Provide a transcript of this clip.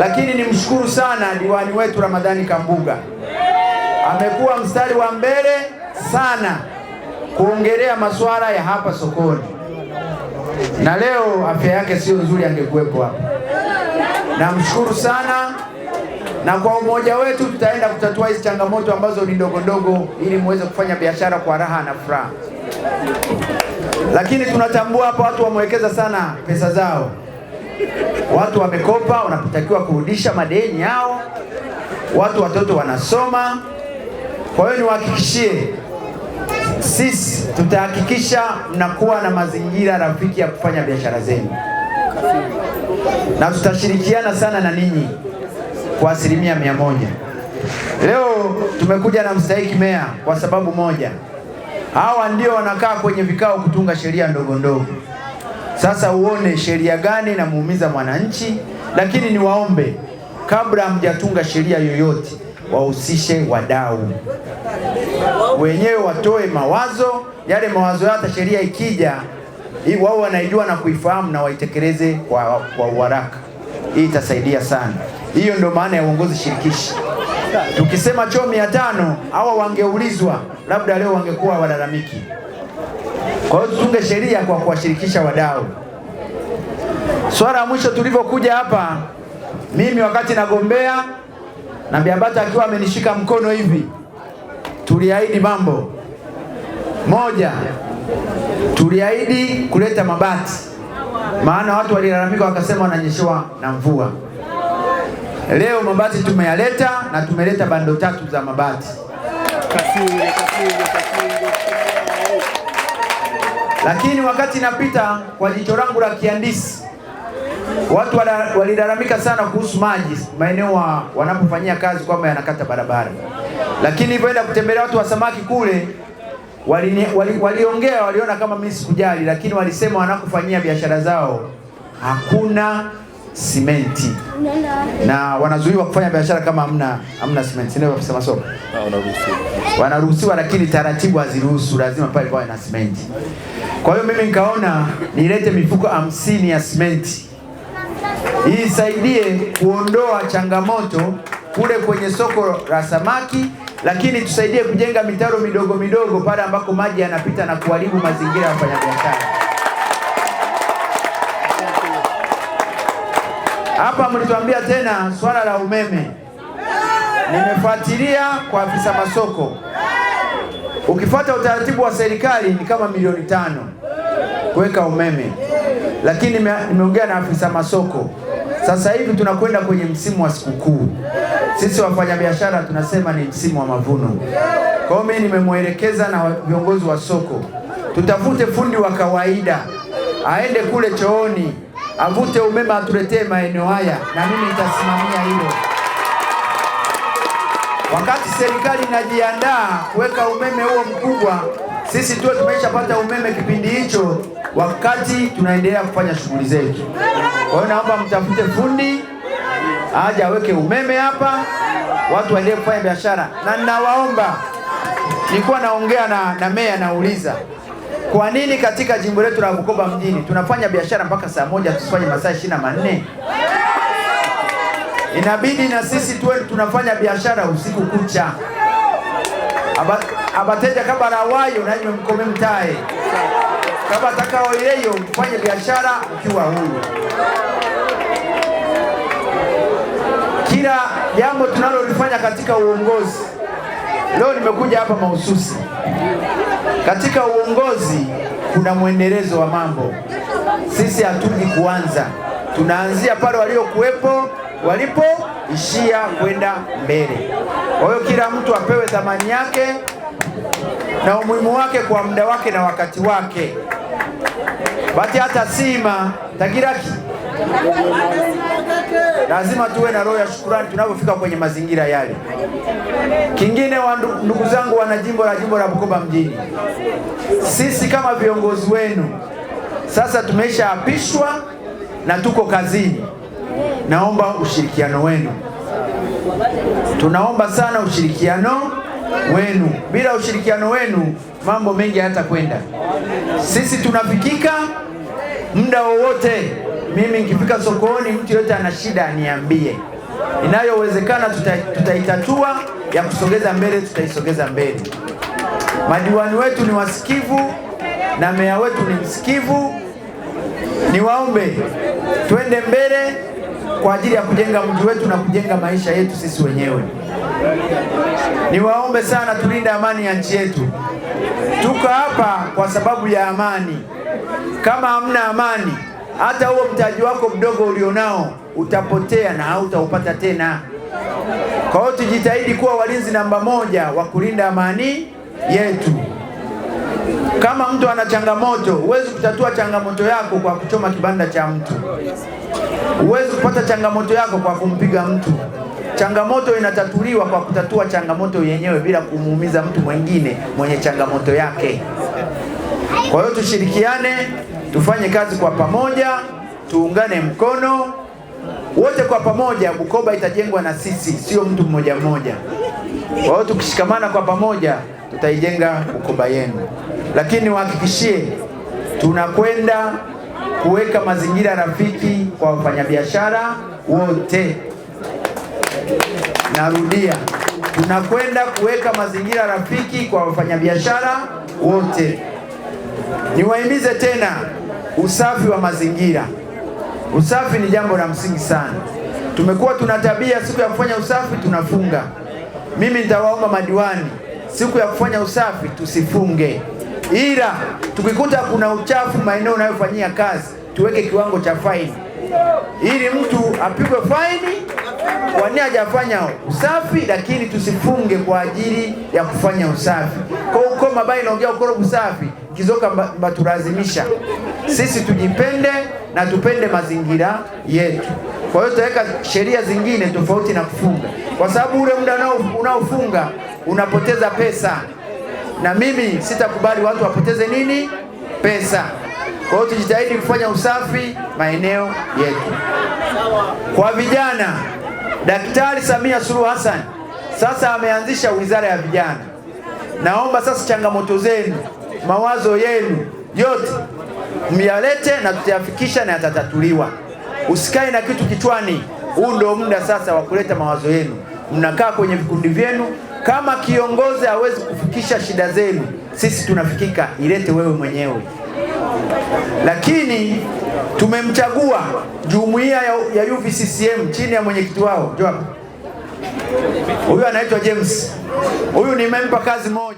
Lakini nimshukuru sana diwani wetu Ramadhani Kambuga, amekuwa mstari wa mbele sana kuongelea masuala ya hapa sokoni, na leo afya yake sio nzuri, angekuwepo hapa. Namshukuru sana, na kwa umoja wetu tutaenda kutatua hizi changamoto ambazo ni ndogo ndogo, ili muweze kufanya biashara kwa raha na furaha. Lakini tunatambua hapa watu wamewekeza sana pesa zao watu wamekopa, wanatakiwa kurudisha madeni yao, watu watoto wanasoma. Kwa hiyo niwahakikishie, sisi tutahakikisha mnakuwa na mazingira rafiki ya kufanya biashara zenu, na tutashirikiana sana na ninyi kwa asilimia mia moja. Leo tumekuja na mstahiki meya kwa sababu moja, hawa ndio wanakaa kwenye vikao kutunga sheria ndogo ndogo sasa uone sheria gani inamuumiza mwananchi, lakini niwaombe kabla hamjatunga sheria yoyote, wahusishe wadau wenyewe, watoe mawazo yale mawazo yao, hata sheria ikija wao wanaijua na kuifahamu na waitekeleze kwa, kwa uharaka. Hii itasaidia sana. Hiyo ndio maana ya uongozi shirikishi. Tukisema choo mia tano hawa wangeulizwa, labda leo wangekuwa walalamiki. Kwa hiyo tutunge sheria kwa kuwashirikisha wadau. Swala ya mwisho tulivyokuja hapa, mimi wakati nagombea na Biabata akiwa amenishika mkono hivi, tuliahidi mambo moja, tuliahidi kuleta mabati, maana watu walilalamika wakasema wananyeshewa na mvua. Leo mabati tumeyaleta na tumeleta bando tatu za mabati. kasiri, kasiri, kasiri. Lakini wakati napita kwa jicho langu la kiandisi watu walilalamika sana kuhusu maji maeneo wa, wanapofanyia kazi kwamba yanakata barabara, lakini nilipoenda kutembelea watu wa samaki kule waliongea wali, wali waliona kama mimi sikujali, lakini walisema wanakofanyia biashara zao hakuna simenti na wanazuiwa kufanya biashara kama amna amna simenti, ndio afisa soko ah, wanaruhusiwa, lakini taratibu haziruhusu, lazima pale pawe na simenti. Kwa hiyo mimi nikaona nilete mifuko hamsini ya simenti hii isaidie kuondoa changamoto kule kwenye soko la samaki, lakini tusaidie kujenga mitaro midogo midogo pale ambako maji yanapita na kuharibu mazingira ya wafanyabiashara. Hapa mlituambia tena swala la umeme, nimefuatilia kwa afisa masoko, ukifuata utaratibu wa serikali ni kama milioni tano kuweka umeme, lakini nimeongea na afisa masoko. Sasa hivi tunakwenda kwenye msimu wa sikukuu, sisi wafanyabiashara tunasema ni msimu wa mavuno. Kwa hiyo mimi nimemwelekeza na viongozi wa soko tutafute fundi wa kawaida aende kule chooni avute umeme atuletee maeneo haya, na mimi nitasimamia hilo. Wakati serikali inajiandaa kuweka umeme huo mkubwa, sisi tuwe tumeshapata umeme kipindi hicho, wakati tunaendelea kufanya shughuli zetu. Kwa hiyo naomba mtafute fundi aje aweke umeme hapa, watu waendelee kufanya biashara, na ninawaomba, nilikuwa naongea na, na meya nauliza kwa nini katika jimbo letu la Bukoba mjini tunafanya biashara mpaka saa moja, tusifanye masaa ishirini na manne? Inabidi na sisi tuwe tunafanya biashara usiku kucha. abateja kaba rawayo nanywe mkome mtae kaba takao ileyo, mfanye biashara ukiwa huru. Kila jambo tunalolifanya katika uongozi, leo nimekuja hapa mahususi katika uongozi kuna mwendelezo wa mambo. Sisi hatuji kuanza, tunaanzia pale waliokuwepo walipoishia kwenda mbele. Kwa hiyo kila mtu apewe thamani yake na umuhimu wake kwa muda wake na wakati wake. Bati hata sima tagiraki Lazima tuwe na roho ya shukurani tunapofika kwenye mazingira yale. Kingine wa ndugu zangu wana jimbo la jimbo la Bukoba mjini, sisi kama viongozi wenu sasa tumeshaapishwa na tuko kazini, naomba ushirikiano wenu. Tunaomba sana ushirikiano wenu. Bila ushirikiano wenu mambo mengi hayatakwenda. Sisi tunafikika muda wowote mimi nikifika sokoni, mtu yote ana shida aniambie, inayowezekana tutaitatua, tuta ya kusogeza mbele tutaisogeza mbele. Madiwani wetu ni wasikivu na meya wetu ni msikivu. Niwaombe twende mbele kwa ajili ya kujenga mji wetu na kujenga maisha yetu sisi wenyewe. Niwaombe sana tulinde amani ya nchi yetu. Tuko hapa kwa sababu ya amani. Kama hamna amani hata huo mtaji wako mdogo ulionao utapotea na hautaupata tena. Kwa hiyo tujitahidi kuwa walinzi namba moja wa kulinda amani yetu. Kama mtu ana changamoto, huwezi kutatua changamoto yako kwa kuchoma kibanda cha mtu, huwezi kupata changamoto yako kwa kumpiga mtu. Changamoto inatatuliwa kwa kutatua changamoto yenyewe bila kumuumiza mtu mwingine mwenye changamoto yake. Kwa hiyo tushirikiane. Tufanye kazi kwa pamoja, tuungane mkono wote kwa pamoja. Bukoba itajengwa na sisi, sio mtu mmoja mmoja. Kwa hiyo tukishikamana kwa pamoja, tutaijenga Bukoba yenu. Lakini wahakikishie tunakwenda kuweka mazingira rafiki kwa wafanyabiashara wote. Narudia, tunakwenda kuweka mazingira rafiki kwa wafanyabiashara wote. Niwahimize tena usafi wa mazingira. Usafi ni jambo la msingi sana. Tumekuwa tuna tabia siku ya kufanya usafi tunafunga. Mimi nitawaomba madiwani, siku ya kufanya usafi tusifunge, ila tukikuta kuna uchafu maeneo unayofanyia kazi tuweke kiwango cha faini, ili mtu apigwe faini kwa nini hajafanya usafi, lakini tusifunge kwa ajili ya kufanya usafi. kwa ukoma bayi naongea ukoro usafi kizoka baturazimisha sisi tujipende na tupende mazingira yetu. Kwa hiyo tutaweka sheria zingine tofauti na kufunga, kwa sababu ule muda unaofunga unapoteza pesa, na mimi sitakubali watu wapoteze nini, pesa. Kwa hiyo tujitahidi kufanya usafi maeneo yetu. Kwa vijana, Daktari Samia Suluhu Hassan sasa ameanzisha wizara ya vijana. Naomba sasa changamoto zenu, mawazo yenu yote myalete na tutayafikisha na yatatatuliwa. Usikae na kitu kichwani. Huu ndio muda sasa wa kuleta mawazo yenu. Mnakaa kwenye vikundi vyenu, kama kiongozi hawezi kufikisha shida zenu, sisi tunafikika, ilete wewe mwenyewe. Lakini tumemchagua jumuiya ya UVCCM chini ya mwenyekiti wao Joab, huyu anaitwa James, huyu nimempa kazi moja.